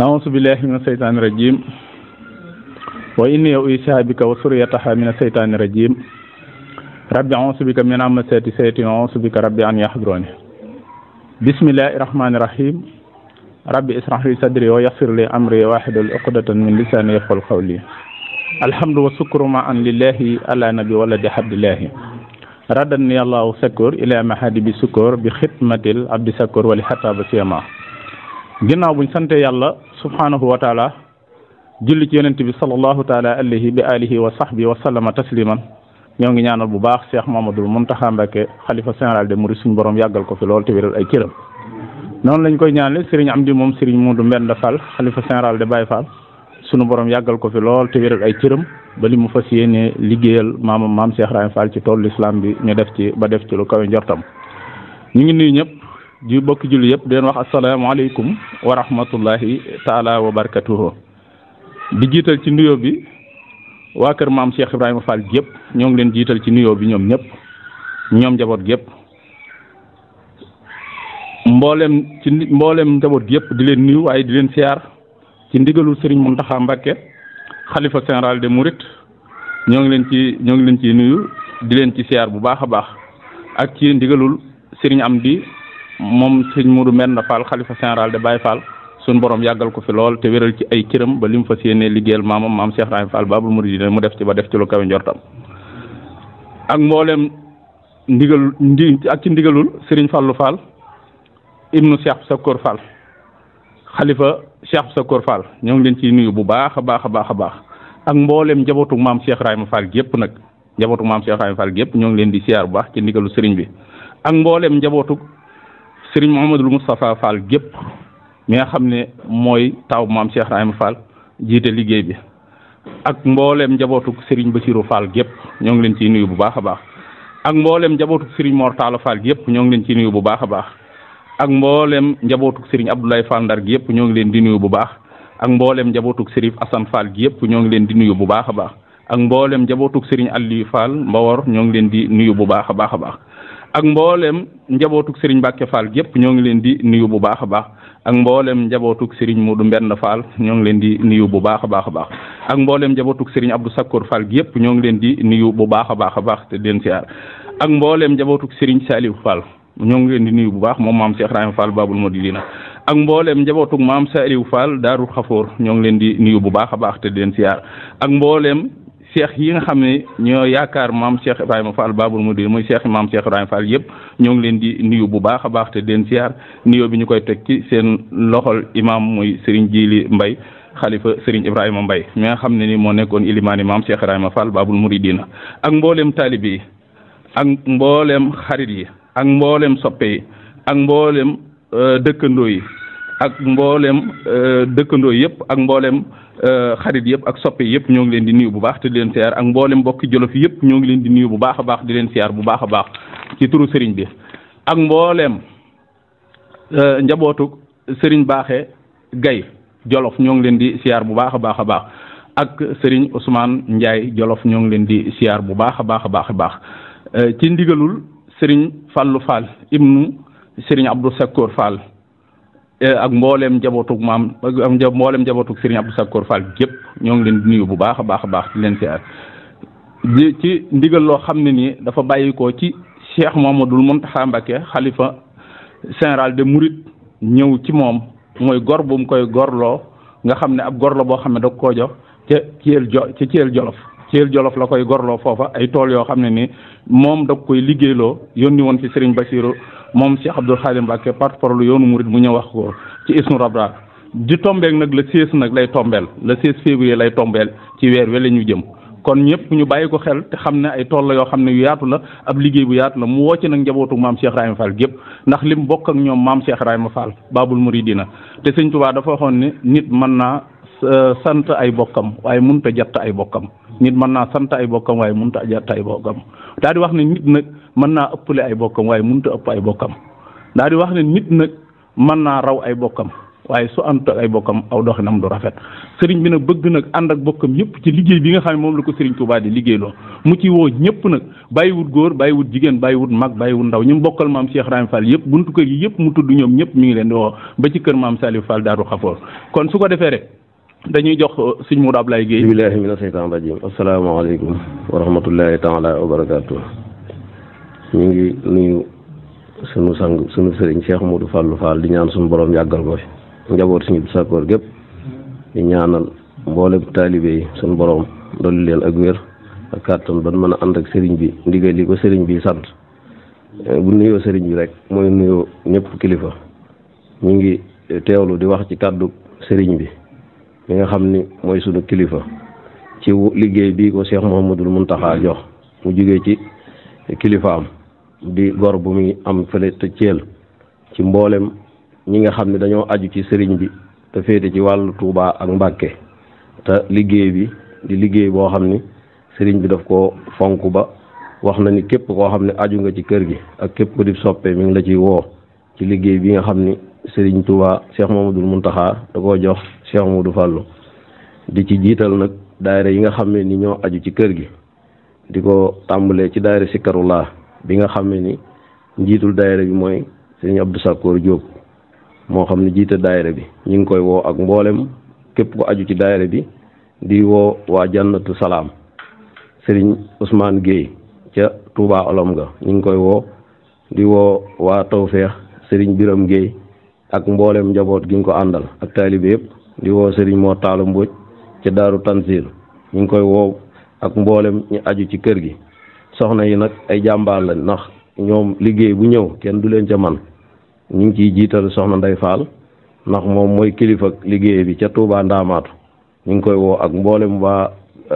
أعوذ بالله من الشيطان الرجيم وإني أؤيسها بك وسريتها من الشيطان الرجيم ربي أعوذ بك من همزات الشياطين وأعوذ بك ربي أن يحضروني بسم الله الرحمن الرحيم ربي اسرح لي صدري ويسر لي أمري واحد عقدة من لساني يقول قولي الحمد والشكر معا لله على نبي ولد عبد الله ردني الله سكر إلى محادي بسكر بختمة العبد سكر ولحتى بسيما ginnaaw buñ sante yàlla subhanahu wa taala julli ci yonent bi sallallahu taala alayhi bi alihi wa sahbi wa sallama tasliman ñoo ngi ñaanal bu baax Cheikh Mamadou Mountakha Mbacké xalifa général de Mouride suñu borom yàggal ko fi lool te wéral ay cëram noonu lañ koy ñaanle Serigne Amdi moom Serigne Modou Mbenda Fall xalifa général de Baye Fall suñu borom yàggal ko fi lool te wéral ay cëram ba li mu fas yéene liggéeyal maamam maam seex Rahim Fall ci toolu islam bi ñu def ci ba def ci lu kawe njortam ñu ngi nuyu ñëpp ju bokki julli yep di leen wax alaykum wa rahmatullahi taala wa barakatuhu di jital ci nuyo bi wa keur maam Cheikh Ibrahima Fall yep ñong ngi leen jiital ci nuyo bi ñom ñep ñom jabot yep mbollem ci mbollem jabot yep di leen nuyu way di leen siar ci ndigalu Serigne muntaha Mbacké khalifa général de Mouride ñong ci ñong ci nuyu di leen ci siar bu baakha ak ci ndigalul Serigne Amdi moom sëñ Modou Mbenda Fall xalifa général de Baye Fall suñ borom yàggal ko fi lool te wéral ci ay cëram ba li mu fas yéenee liggéeyal maamam maam Cheikh Rahim Fall Babul Mouridina mu def ci ba def ci lu kawe njortam ndigal ndi ak ci ndigalul Serigne Fallou Fall xalifa Cheikh Sakor Fall ñoo ngi leen ciy nuyu bu baax a baax a baax a baax ak mboolem njabootu maam Cheikh Rahim Fall gi yëpp nag njabootu maam Cheikh Rahim Fall gi yëpp ñoo ngi leen di siyaar bu baax ci ndigalu Serigne bi ak mboolem njabootu. sëriñ Mouhamadul Moustapha Fall gépp mi nga xam ne mooy taw maam Cheikh Ibrahima Fall jiite liggéey bi ak mbooleem njabootuk sëriñ Bassirou Fall gépp ñoo ngi leen ciy nuyu bu baax a baax ak mbooleem njabootuk sëriñ Mor Talla yëpp ñoo ngi leen ciy nuyu bu baax a baax ak mbooleem njabootuk sëriñ Abdoulaye Fall Ndar gi yëpp ñoo ngi leen di nuyu bu baax ak mbooleem njabootuk sëriñ Assane yëpp ñoo ngi leen di nuyu bu baax a baax ak mbooleem njabootuk sëriñ Aliou Fall Mbawor ñoo ngi leen di nuyu bu baax a baax a baax ak mboolem njabootuk Serigne Mbacke Fall yëpp ñoo ngi leen di nuyu bu baax a baax ak mboolem njabootuk Serigne Modou Mbenn Fall ñoo ngi leen di nuyu bu baax a baax a baax ak mboolem njabootuk Serigne Abdou Sakkoor Fall gi yëpp ñoo ngi leen di nuyu bu baax a baax a baax te den siyaar ak mboolem njabootuk Serigne Saliou Fall ñoo ngi leen di nuyu bu baax moom maam Cheikh Rahim Fall Babul Mouridina ak mboolem njabootuk maam Saliou Fall Daarul Xafoor ñoo ngi leen di nuyu bu baax a baax te den siyaar ak mboolem cheikh yi nga xam ne ñoo yaakaar maam cheikh Ibrahima Fall Baabul Muriid muy cheikh maam cheikh Ibrahima Fall yëpp ñoo ngi leen di nuyu bu baax a baax te den siyaar nuyoo bi ñu koy teg ci seen loxol imam muy Serigne Jili Mbay xalifa Serigne Ibrahima Mbay mi xam ne ni moo nekkoon ilimaani maam seex cheikh Ibrahima Fall Baabul Muriidiina ak mboolem taalib yi ak mbooleem xarit yi ak mbooleem soppe yi ak mbooleem euh, dëkkandoo yi ak mboolem euh, dëkkandoo yëpp ak mboolem euh, xarit yëpp ak soppe yëpp ñoo ngi leen di nuyu bu baax te di leen siyaar ak mboolem mbokki jolof yëpp ñoo ngi leen di nuyu bu baax a baax di leen siyaar bu baax a baax ci turu sëriñ bi ak mboolem euh, njabootu sëriñ baaxe gay jolof ñoo ngi leen di siyaar bu baax a baax a baax ak sëriñ Ousmane Ndiaye jolof ñoo ngi leen di siyaar bu baax a baax a baax a baax ci ndigalul sëriñ Fallou Fall ibnu sëriñ Abdou Sakkoor Fall Eh, ak mbooleem njabootug maam ak mboolem njabootug Serigne Abdou Sakor Fall yëpp ñoo ngi leen di nuyu bu baax a baax a baax leen siyaar ci ndigal loo xam ne nii dafa bàyyi ko ci Cheikh Mamadou Mountakha Mbacké xalifa général de Mouride ñëw ci moom mooy gor bu koy gorloo nga xam ne ab gor la boo xam ne da koo jox ca Thiel jo ci Thiel Jolof Thiel Jolof la koy gorloo foofa ay tool yoo xam ne nii moom da koy liggéeyloo yónni woon fi Serigne Bassirou moom Cheikh Abdoul Khadim Mbacké porte-parole yoonu murid mu ñëw wax ko ci Isnu Rabra di tombeek nag le 16 nag lay tombeel le 16 février lay tombeel ci weer we la ñu jëm kon ñëpp ñu bàyyi ko xel te xam ne ay tool la yoo xam ne yu yaatu la ab liggéey bu yaatu la mu woo ci nag njabootu maam Cheikh Rahima Fall gépp ndax lim bokk ak ñoom maam Cheikh Rahima Fall Babul dina te sëñ Tuubaa dafa waxoon ne nit man naa euh, sant ay bokkam waaye mënut a jatt ay bokkam nit mën naa sant ay bokkam waaye mënut a jatt ay bokkam mën naa ëpp ëppale ay bokkam waaye mënut ëpp ay bokkam daal di wax ne nit nag mën naa raw ay bokkam waaye su ànd ak ay bokkam aw doxinam du rafet sëriñ bi nag bëgg nag ànd ak bokkam yëpp ci liggéey bi nga xam ne moom la ko sëriñ Touba di liggéey loo mu ci woo ñëpp nag bàyyiwut góor bàyyiwut jigéen bàyyiwut mag bàyyiwut ndaw ñu mu bokkal maam Cheikh Rahim Fall yëpp buntu kër yi yëpp mu tudd ñoom ñëpp mi ngi leen di woo ba ci kër maam Salif Fall Daaru Xafoor kon su ko defee rek dañuy jox euh, sëñ Moudou Ablaye Guèye billahi mina seytaan rajim asalaamaaleykum wa rahmatullahi taala wa barakatuh ñu ngi nuyu sunu sang sunu sëriñ Cheikh Modou Fallou Fall di ñaan sunu boroom yàggal ko fi njaboot suñu bi sakkoor gépp di ñaanal mboolem taalibe yi sunu borom dolli leen ak wér ak kàttan ban mën a ànd ak sëriñ bi ndigal li ko sëriñ bi sant eh, bu nuyoo sëriñ bi rek mooy nuyoo ñëpp kilifa ñu ngi teewlu di wax ci kàddu sëriñ bi mi nga xam ni mooy sunu kilifa ci liggéey bii ko Cheikh Mouhamadul Mountakha jox mu jugee ci. kilifaam di gor bu muy am fële te Thiel ci mboolem ñi nga xam ne dañoo aju ci sëriñ bi dafa ci wàllu Touba ak Mbàkke te liggéey bi di liggéey boo xam ni sëriñ bi daf ko fonk ba wax na ni képp koo xam ne aju nga ci kër gi ak képp ko di soppe mi ngi la ciy woo ci liggéey bi nga xam ni sëriñ Touba Cheikh Mamadou Mountakha da koo jox Cheikh Mamadou Fallou di ci jiital nag daayira yi nga xam ne ni ñoo aju ci kër gi di ko tàmbalee ci daayira laa bi nga xam ni njiitul daayira bi mooy sëñ Abdou Sakkoor Diop moo xam ne jiite daayira bi ñu ngi koy woo ak mbooleem képp ko aju ci daayira bi di woo waa jannatu salaam sëriñ usmaan Guèye ca Touba olom ga ñu ngi koy woo di woo waa Tawfeex sëriñ Biram Guèye ak mboolem njaboot gi nga ko àndal ak taalibe yëpp di woo sëriñ moo taalu mbóoj ca daaru tanzil ñu ngi koy woo ak mboolem ñi aju ci kër gi soxna yi nag ay jàmbaar lañ ndax ñoom liggéey bu ñëw kenn du leen ca man ñu ngi ciy jiital soxna Ndey Faal ndax moom mooy kilifa liggéey bi ca Touba Ndaamaatu ñu ngi koy woo ak mboolem waa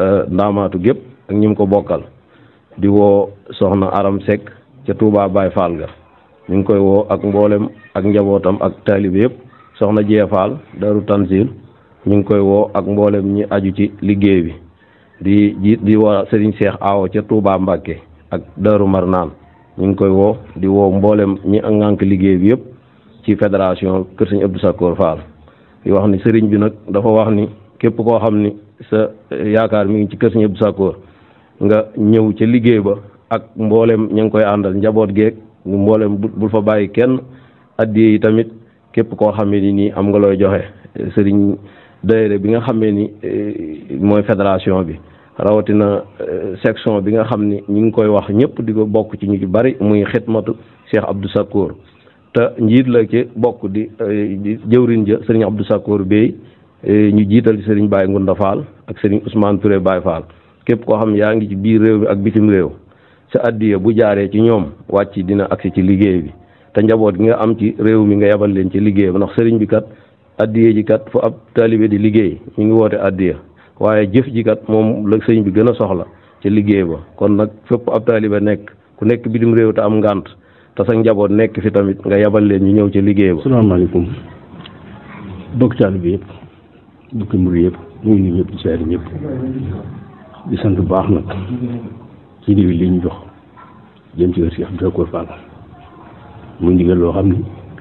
euh, Ndaamaatu gépp ak ñi mu ko bokkal di woo soxna Aram Seck ca Touba Baye Fall ga ñu ngi koy woo ak mboolem ak njabootam ak taalibe yëpp soxna Jee Faal Daru Tanzil ñu ngi koy woo ak mboolem ñi aju ci liggéey bi di jiit di woo Serigne Cheikh Awo ca Touba Mbacke ak Darou Marnaan ñu ngi koy woo di woo mboolem ñi ngànk liggéey bi yëpp ci fédération Kër Serigne Abdou Sakor Fall di wax ni Serigne bi nag dafa wax ni képp koo xam ni sa yaakaar mi ngi ci Kër Serigne Abdou nga ñëw ca liggéey ba ak mboolem ñu ngi koy àndal njaboot geeg mboolem bul fa bàyyi kenn addiye yi tamit képp koo xamee ni nii am nga looy joxe Serigne daayira bi nga xamee ni eh, mooy fédération bi. rawatina eh, section bi nga xamni ñing koy wax ñepp di ko bok ci ñu bari muy xidmatu cheikh abdou sakour ta njit la ci bok di eh, jaurinja je serigne abdou sakour bey eh, ñu jital ci sëriñ Baye Ngunda Fall ak serigne Ousmane Touré Baye Fall kep ko xam yaangi ci biir rew ak bitim rew sa addiya bu jaaree ci ñom wacc dina ak ci liggéey bi ta njabot gi nga am ci rew mi nga yabal leen ci liggéey ba nak serigne bi kat addiya ji kat fu ab talibé di liggéey ñi ngi wote addiya waaye jëf ji kat moom la sëñ bi gën a soxla ca liggéey ba kon nag fépp ab taaliba nekk ku nekk bitim réew te am ngant te sa njaboot nekk fi tamit nga yebal leen ñu ñëw ca liggéey ba. salaamaaleykum bokk taaliba yëpp bokk mbir yëpp ñu ngi ñëpp di ñëpp di sant bu baax nag ci ndigal jox jëm ci kër si Abdou muy ndigal loo xam ni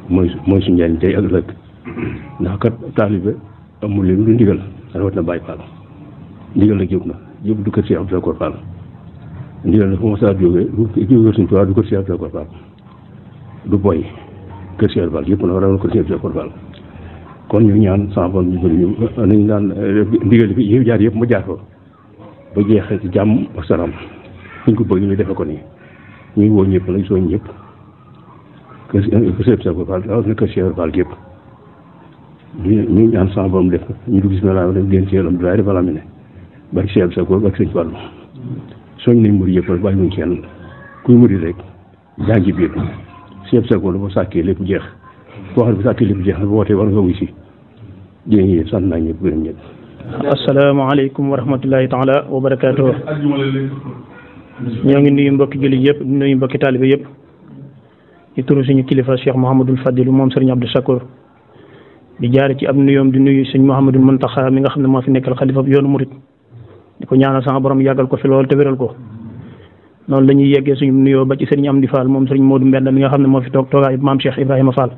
mooy mooy suñu njëriñ tey ak ëllëg ndax kat taaliba amul leen lu ndigal rawat na Baay Fall. ndigal la jóg na jóg du kër si Abdou Sakor Fall ndigal la fu ma saa jógee jógee suñu tubaab du kër si Abdou Sakor Fall du boy kër si Abdou Fall yëpp a kon ñu ñaan sama ñu ñu ah, nañu daan eh, ndigal bi yi jaar yëpp mu jaar ko ba jeexee ci jàmm ak salaam ñu ko bëgg ñu defe ko nii ñu ngi woo ñëpp nag soo ñëpp kër si eh, kër si Abdou Sakor Fall rawatina kër ñu ñaan sama bon def ñu dugg si melaam dem leen si yoonam du laay defal amine barke si yàlla sa koor barke sëñ Fallu soñ yëpp rek bàyyi wuñ kenn kuy murid rek xam ne bu sàkkee lépp jeex na bu wootee war nga wuy si jërëjëf sant naa ñëpp gërëm ñëpp. asalaamaaleykum wa rahmatulahi taala wa barakaatu. ñoo ngi nuyu mbokki jullit yëpp yëpp di turu suñu kilifa Cheikh Mouhamadul Fadilu moom sëriñ Abdou Sakour di jaare ci ab nuyoom di nuyu suñu Mouhamadul Muntaxa mi nga xam ne moo fi nekkal yoonu murit di ko ñaanal sama borom yàggal ko fi lool te wéral ko noonu la ñuy yeggee suñu nuyoo ba ci sëriñ Amdi Fall moom sëriñ Modou Mbenda mi nga xam ne moo fi toog toogaay maam Cheikh Ibrahima Fall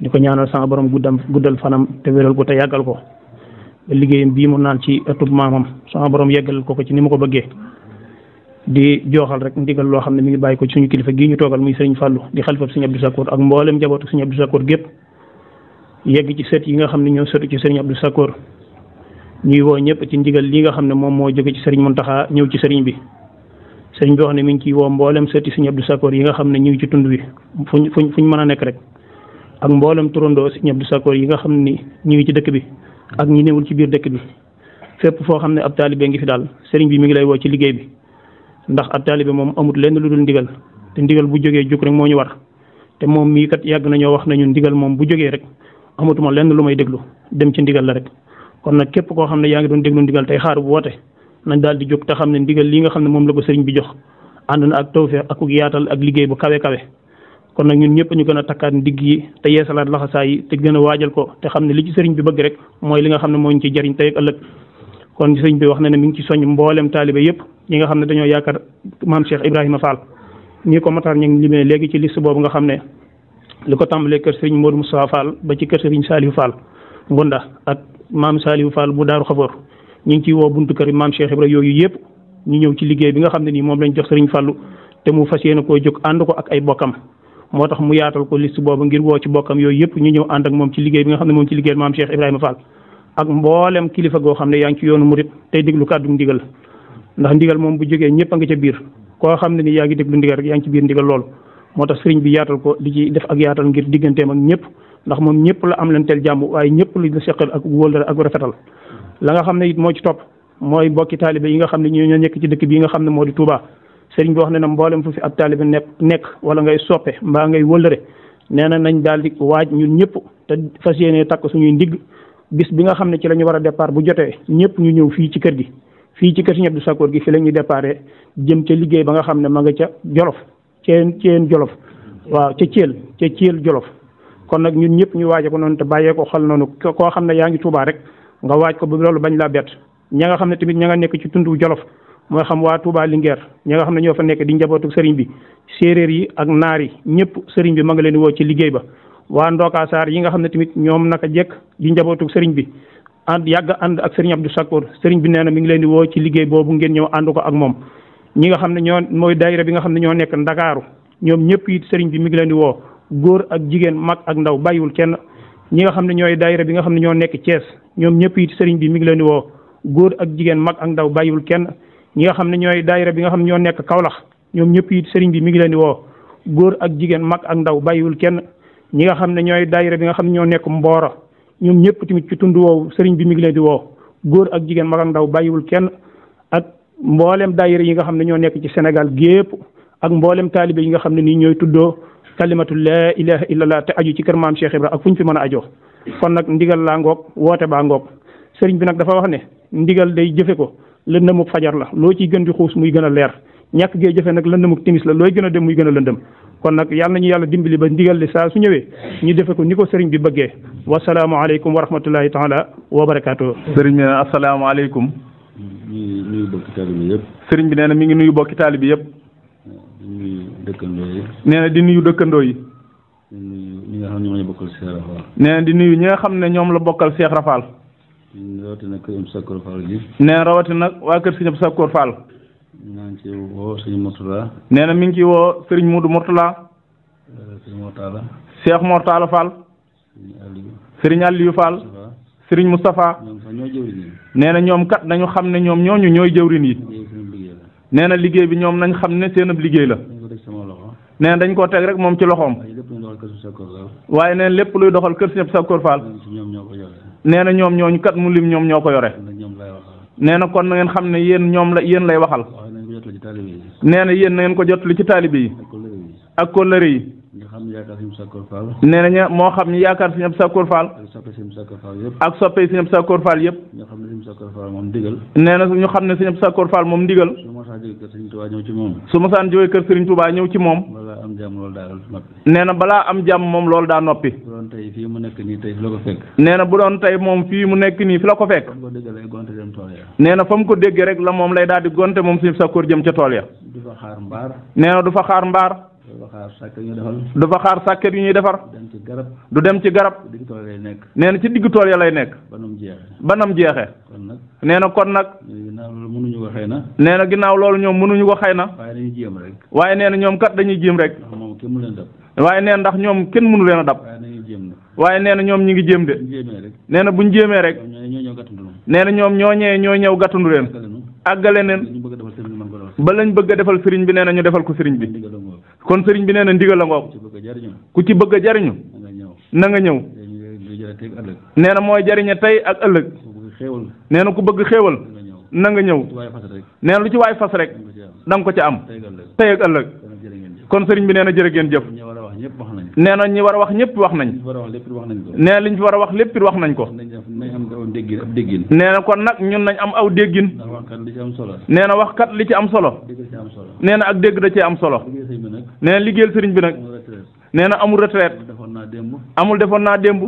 di ko ñaanal sama borom guddam guddal fanam te wéral ko te yàggal ko ba liggéeyam bii mu naan ci ëttub maamam sama borom yeggal ko ko ci ni mu ko bëggee di jooxal rek ndigal loo xam ne mi ngi bàyyi ci suñu kilifa gii ñu toogal muy sëriñ Fallou di xalifab sëriñ Abdou Sakkoor ak mboolem njabootu sëriñ Abdou Sakkoor gépp yegg ci sët yi nga xam ne ñoo sëtu ci sëriñ Abdou Sakkoor ñuy woo ñëpp ci ndigal li nga xam ne moom moo jóge ci sëriñ Mountakha ñëw ci sëriñ bi sëriñ bi wax ne mi ngi ciy woo mboolem sëti sëriñ Abdou Sakor yi nga xam ne ñu ngi ci tund wi fuñ fuñ fuñ mën nekk rek ak mboolem turandoo sëriñ Abdou Sakor yi nga xam ne ñu ngi ci dëkk bi ak ñu newul ci biir dëkk bi fépp foo xam ne ab taalibe ngi fi daal sëriñ bi mi ngi lay woo ci liggéey bi ndax ab taalibe moom amut lenn lu dul ndigal te ndigal bu jógee jóg rek moo ñu war te moom mii kat yàgg nañoo wax nañu ndigal moom bu jógee rek amatuma lenn lu may déglu dem ci la rek kon nag képp koo xam ne yaa ngi doon déglu ndigal tey xaar bu woote nañ daal di jóg te xam ne ndigal li nga xam ne moom la ko sëriñ bi jox ànd na ak tawfeex ak yaatal ak liggéey bu kawe kawe kon nag ñun ñëpp ñu gën a takkaat ndigg yi te yeesalaat laxasaa yi te gën a waajal ko te xam ne li ci sëriñ bi bëgg rek mooy li nga xam ne moo ñu ci jariñ tey ak kon sëriñ bi wax na ne mi ngi ci soñ mboolem taalibe yëpp ñi nga xam ne dañoo yaakaar maam Cheikh Ibrahima Fall ñi ko mataar ñu ngi limee léegi ci liste boobu nga xam ne li ko tàmbalee kër sëriñ Modou Moustapha Fall ba ci kër sëriñ Saliou Fall Ngunda ak Mam salihu Fall bu daru xafoor ñi ngi ciy woo buntu kër mam Cheikh ibrahim yoyu yëpp ñu ñew ci liggéey bi nga xam ne nii lañ jox Serigne fallu te mu fas ko koo and ko ak ay bokam motax mu yaatal ko liste bobu ngir wo ci bokam yoyu yep ñu ñew and ak mom ci liggéey bi nga xam mom ci liggéey mam Cheikh ibrahim Fall ak mboolem kilifa go xam yaang ci yoonu mourid tey déglu kaddu ndigal ndax ndigal mom bu jógee ñepp nga ci biir ko xam ni ndigal rek ci biir ndigal lool motax serigne bi yaatal ko di ci def ak yaatal ngir digganteem ak ñepp ndax moom ñëpp la am leen teel jàmm waaye ñëpp lu seqal ak wóol ak rafetal la nga xam ne it moo ci topp mooy mbokki taalibe yi nga xam ne ñoo nekk ci dëkk bii nga xam ne moo di Touba sëriñ bi wax ne na mboolem fu fi ab taalibe nekk nekk wala ngay soppe mbaa ngay wëllëre nee na nañ daal di waaj ñun ñëpp te fas yéene takk suñuy ndigg bis bi nga xam ne ci la ñu war a départ bu jotee ñëpp ñu ñëw fii ci kër gi fii ci kër Sëriñ Abdou Sakkoor gi fi la ñuy déparé jëm ca liggéey ba nga xam ne ma nga ca Jolof ceen ceen Jolof waaw ca Thiel ca Thiel Jolof kon nag ñun ñëpp ñu waaje ko noonu te bàyyee ko koo xam ne yaa ngi Touba rek nga waaj ko ba loolu bañ laa bett ña nga xam ne tamit ña nga nekk ci tundu Jolof mooy xam waa Touba Linguère ñi nga xam ne ñoo fa nekk di njabootu sëriñ bi séeréer yi ak naar yi ñëpp sëriñ bi ma nga leen woo ci liggéey ba waa Ndoka Sarr yi nga xam ne tamit ñoom naka jekk di njabootu sëriñ bi ànd yàgg ànd ak sëriñ Abdou Sakkour sëriñ bi nee na mi ngi leen di woo ci liggéey boobu ngeen ñëw ànd ko ak moom ñi nga xam ne ñoo mooy daayira bi xam ne ñoo nekk Ndakaaru ñoom ñëpp it sëriñ bi mi ngi leen di woo góor ak jigéen mag ak ndaw baywul kenn ñi nga xam ne ñooy dayre bi nga xam ne ñoo nekk Thiès ñoom ñëpp it sëriñ bi mi ngi leen di woo góor ak jigéen mag ak ndaw baywul kenn ñi nga xam ne ñooy dayre bi nga xam ne ñoo nekk Kaolack ñoom ñëpp it sëriñ bi mi ngi leen di woo góor ak jigéen mag ak ndaw bàyyiwul kenn ñi nga xam ne ñooy daayira bi nga xam ne ñoo nekk Mboro ñoom ñëpp tamit ci tund woowu sëriñ bi mi ngi leen di woo góor ak jigéen mag ak ndaw bàyyiwul kenn ak mboolem dayre yi nga xam ne ñoo nekk ci Sénégal gépp ak mboolem taalibe yi nga xam ne nii ñooy tuddoo kalimatu laa ilaha illallah te aju ci kër maam Cheikh Ibra ak fu ñu fi mën a ajoo kon nag ndigal laa ngoog woote baa ngoog sëriñ bi nag dafa wax ne ndigal day jëfe ko lëndëmuk fajar la loo ciy gën di xuus muy gën a leer ñàkk gee jëfe nag lëndëmuk timis la looy gën a dem muy gën a lëndëm kon nag na ñu yàlla dimbali ba ndigal li saa su ñëwee ñu defe ko ni ko sëriñ bi bëggee wasalaamaaleykum wa rahmatullahi taala wa barakaatu. sëriñ bi nee na asalaamaaleykum. mi ngi nuyu bokki taalibi yëpp. bi nee na mi ngi nuyu bokki taalibi yëpp. dëkkandoo di nuyu dëkkandoo yi ñi di nuyu ñi nga xam ne ñoom la bokkal Cheikh Rafal rawatina rawati Ibou Sakkoor Fall gi nee waa kër Sëñ Ibou Fall maa mi ngi ci woo Sëriñ Moudou Mourtala euh, Cheikh Mourtala Fall Sëriñ Aliou Fall Sëriñ mustapha nee na ñoom kat nañu xam ne ñoom ñooñu ñooy jëwrin yi nee na liggéey bi ñoom nañ xam ne seen ab liggéey la neen dañ koo teg rek moom ci loxoom. waaye neen lépp luy doxal kër Sëñ Sakkoor Fall. nee na ñoom ñooñu kat mu lim ñoom ñoo ko yore. nee na kon na ngeen xam ne yéen ñoom la yéen lay waxal. nee na yéen na ko jotali ci taalibe yi. ak kóllëre yi. nee na ña moo xam ñu yaakaar Sëñ Sakkoor Fall. ak soppe Sëñ Sakkoor Fall yëpp. nee na ñu xam ne Sëñ Sakkoor Fall moom ndigal. su ma saan jógee kër Serigne Touba ñëw ci moom. am balaa am jàmm moom loolu daa noppi. bu la ko fekk. bu doon tey moom fii mu nekk nii fi la ko fekk. nee fa mu ko déggee rek la moom lay daal di gonte moom si sa kër jëm ca tool ya. du du fa xaar mbaar. dafa xaar sàkket yi ñuy defar du dem ci garab nee na ci digg tool ya lay nekk banam jeexe nee na kon nag nee na ginnaaw loolu ñoom mënuñu ko xëy na waaye nee na ñoom kat dañuy jéem rek waaye nee ndax ñoom kenn mënu leen a dab waaye nee na ñoom ñi ngi jéem de nee na buñ jéemee rek nee na ñoom ñoo ñëwee ñoo ñëw gàttandu leen àggale neen ba lañ bëgg a defal sëriñ bi nee na ñu defal ko sëriñ bi kon sëriñ bi nee na ndigal la ngoog ku ci bëgg a jariñu na nga ñëw nee na mooy jariñe tey ak ëllëg nee ku bëgg xéewal na nga ñëw nee na lu ci waay fas rek da nga ko ca am tey ak ëllëg kon sëriñ bi nee na jërë ngeen jëf ñëpp wax nañ nee na ñi war a wax ñëpp wax nañ nee na liñ fi war a wax lépp wax nañ ko nee na kon nag ñun nañ am aw déggin nee na wax kat li ci am solo nee na ak dégg da cee am solo nee na liggéeyal sëriñ bi nag nee na amul retraite naa démb. amul defoon naa démb.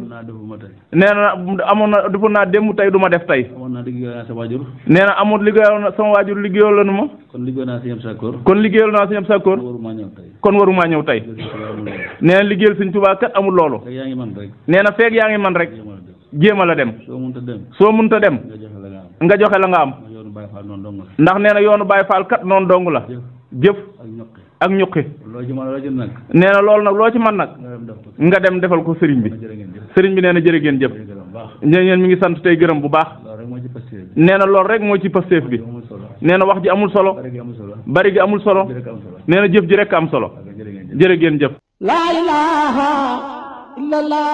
nee na defon na dembu tay duma def tay neena naa liggéeyal naa sa waajur. nee na amul liggéeyal na sama waajur liggéeyaloon ma. kon liggéeyal na sëñ sakor kon liggéeyal naa sëñ Sakkoor. kon waruma ñew tay neena waruma ñëw touba kat amul loolu. neena na yaangi man rek. jema la dem. so munta dem. nga joxe la nga am. ndax neena yoonu Baay fall kat non dong la. ak jëf ak ñukki neena lool nak lo ci man nak nga dem defal ko sëriñ bi sëriñ bi neena jere gene jep jëf ñeen mi ngi sant tay gërëm bu baax neena lool rek mo ci passef bi neena wax ji amul solo bari gi amul solo neena jëf ji rek am solo jere gene jep la ilaha illallah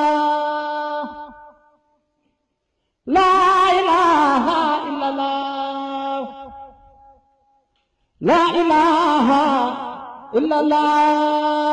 la ilaha illallah la ilaha 呼啦啦！